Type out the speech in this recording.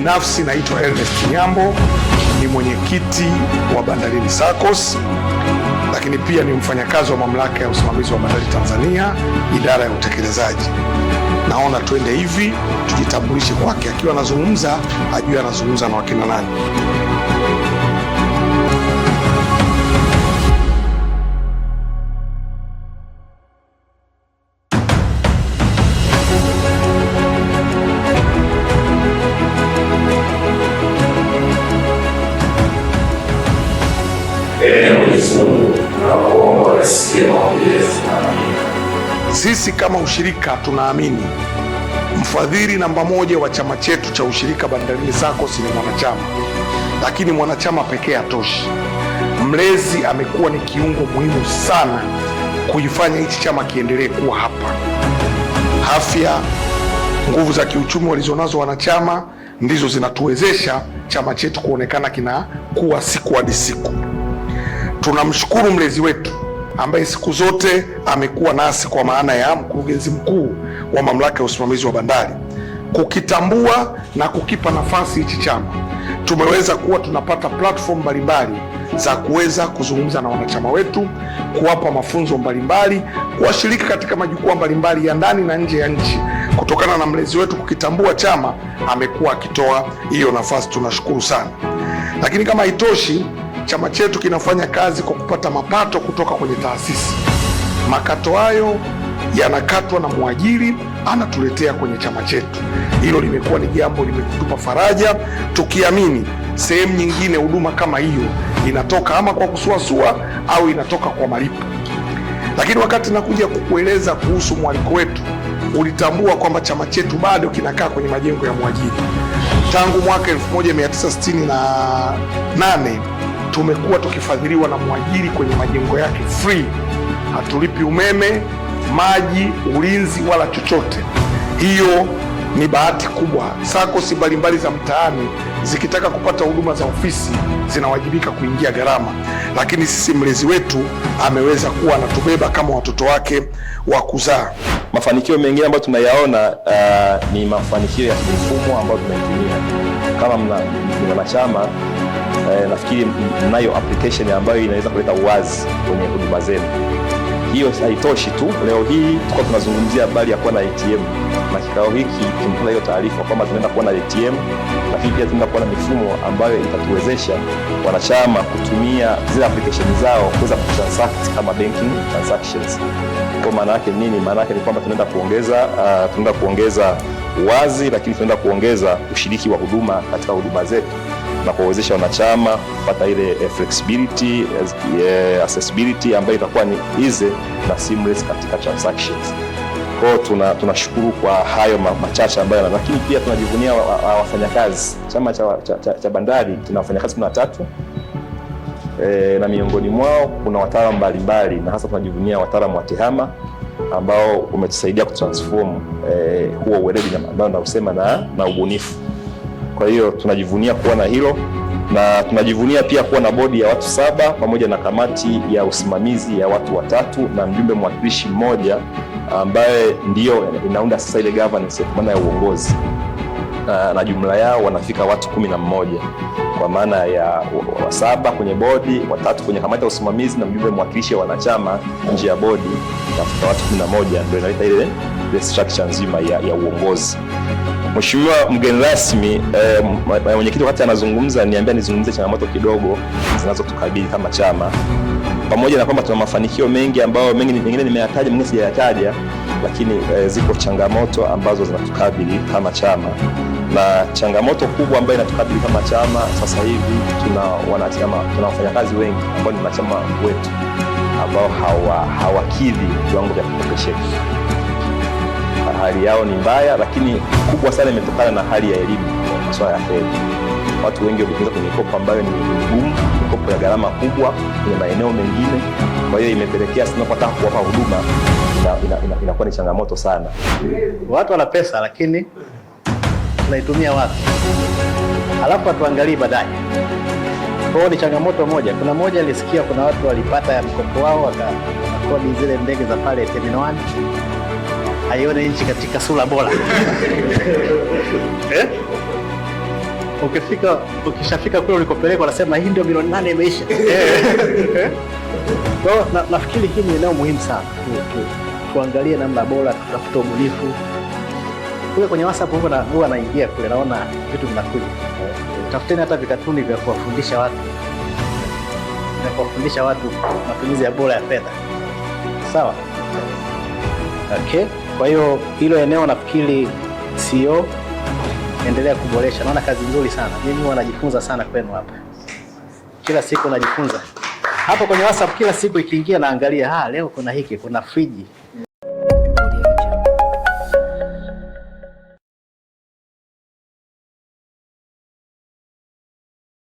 binafsi naitwa Ernest Nyambo, ni mwenyekiti wa Bandarini SACCOS, lakini pia ni mfanyakazi wa mamlaka ya usimamizi wa bandari Tanzania, idara ya utekelezaji. Naona twende hivi tujitambulishe kwake, akiwa anazungumza ajue anazungumza na wakina nani. Sisi kama ushirika tunaamini mfadhili namba moja wa chama chetu cha ushirika Bandarini SACCOS ni mwanachama, lakini mwanachama pekee hatoshi. Mlezi amekuwa ni kiungo muhimu sana kuifanya hichi chama kiendelee kuwa hapa. Afya, nguvu za kiuchumi walizonazo wanachama ndizo zinatuwezesha chama chetu kuonekana kinakuwa siku hadi siku. Tunamshukuru mlezi wetu ambaye siku zote amekuwa nasi kwa maana ya mkurugenzi mkuu wa mamlaka ya usimamizi wa bandari, kukitambua na kukipa nafasi hichi chama, tumeweza kuwa tunapata platform mbalimbali za kuweza kuzungumza na wanachama wetu, kuwapa mafunzo mbalimbali, kuwashiriki katika majukwaa mbalimbali ya ndani na nje ya nchi. Kutokana na mlezi wetu kukitambua chama, amekuwa akitoa hiyo nafasi, tunashukuru sana. Lakini kama haitoshi chama chetu kinafanya kazi kwa kupata mapato kutoka kwenye taasisi. Makato hayo yanakatwa na mwajiri anatuletea kwenye chama chetu. Hilo limekuwa ni jambo limetupa faraja, tukiamini sehemu nyingine huduma kama hiyo inatoka ama kwa kusuasua au inatoka kwa malipo. Lakini wakati nakuja kukueleza kuhusu mwaliko wetu, ulitambua kwamba chama chetu bado kinakaa kwenye majengo ya mwajiri tangu mwaka 1968 tumekuwa tukifadhiliwa na mwajiri kwenye majengo yake free, hatulipi umeme, maji, ulinzi wala chochote. Hiyo ni bahati kubwa. Sakosi mbalimbali za mtaani zikitaka kupata huduma za ofisi zinawajibika kuingia gharama, lakini sisi mlezi wetu ameweza kuwa anatubeba kama watoto wake wa kuzaa. Mafanikio mengine ambayo tunayaona uh, ni mafanikio ya kimfumo ambayo tunatumia kama mwanachama eh, nafikiri mnayo application ambayo inaweza kuleta uwazi kwenye huduma zenu. Hiyo haitoshi tu, leo hii tuko tunazungumzia habari ya kuwa na ATM na kikao hiki kimekuna hiyo taarifa kwamba tunaenda kuwa na ATM, lakini pia tunaenda kuwa na mifumo ambayo itatuwezesha wanachama kutumia zile application zao kuweza kutransact kama banking transactions. Kwa maana yake nini? Maana yake ni kwamba tunaenda kuongeza uh, tunaenda kuongeza uwazi, lakini tunaenda kuongeza ushiriki wa huduma katika huduma zetu na kuwawezesha wanachama kupata ile eh, flexibility, eh, accessibility ambayo itakuwa ni easy na seamless katika transactions. Kwa tuna tunashukuru kwa hayo machache ambayo, lakini pia tunajivunia wafanyakazi wa, wa chama cha, cha, cha, cha bandari kina wafanyakazi kumi na tatu e, na miongoni mwao kuna wataalamu mbalimbali na hasa tunajivunia wataalamu wa TEHAMA ambao umetusaidia kutransform e, huo uweledi ambao nausema na, na ubunifu. Kwa hiyo tunajivunia kuwa na hilo na tunajivunia pia kuwa na bodi ya watu saba pamoja na kamati ya usimamizi ya watu watatu na mjumbe mwakilishi mmoja ambaye ndiyo inaunda sasa ile governance kwa maana ya uongozi na, na jumla yao wanafika watu kumi na mmoja kwa maana ya wasaba kwenye bodi, watatu kwenye kamati ya usimamizi na mjumbe mwakilishi wa wanachama nje ya bodi, nafika watu kumi na moja ndio inaleta ile the structure nzima ya, ya uongozi. Mheshimiwa mgeni rasmi eh, mwenyekiti wakati anazungumza niambia nizungumze changamoto kidogo zinazotukabili kama chama, pamoja na kwamba tuna mafanikio mengi ambayo mengine nimeyataja, mengine sijayataja, lakini eh, ziko changamoto ambazo zinatukabili kama chama, na changamoto kubwa ambayo inatukabili kama chama sasa hivi, tuna wanachama, tuna wafanyakazi wengi ambao ni wanachama wetu ambao hawakidhi hawa viwango vya kukopesheka hali yao ni mbaya, lakini kubwa sana imetokana na hali ya elimu ya masuala ya fedha. Watu wengi wameingia kwenye mikopo ambayo ni migumu, mikopo ya gharama kubwa kwenye maeneo mengine. Kwa hiyo imepelekea tunapotaka kuwapa huduma inakuwa ina, ina, ina ni changamoto sana. Watu wana pesa lakini tunaitumia wapi? Alafu hatuangalii baadaye. kwao ni changamoto moja. Kuna moja alisikia, kuna watu walipata ya mkopo wao wakakodi zile ndege za pale Terminal 1 aione nchi katika sura bora eh? Ukifika, ukishafika kule ulikopelekwa, nasema hii ndio milioni nane imeisha. Eh, eh, eh. Na, nafikiri hii ni eneo muhimu sana tu, tuangalie namna bora, tutafuta ubunifu kule kwenye WhatsApp huwa naingia kule, naona vitu vinakuja. Tafuteni hata vikatuni vya kuwafundisha watu vya kuwafundisha watu matumizi ya bora ya fedha, sawa? Okay. Kwa hiyo hilo eneo nafikiri sio endelea kuboresha, naona kazi nzuri sana. Mimi wanajifunza sana kwenu hapa, kila siku najifunza hapo kwenye WhatsApp, kila siku ikiingia naangalia, ah, leo kuna hiki, kuna friji